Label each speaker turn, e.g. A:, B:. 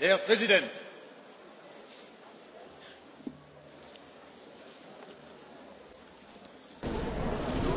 A: herr präsident!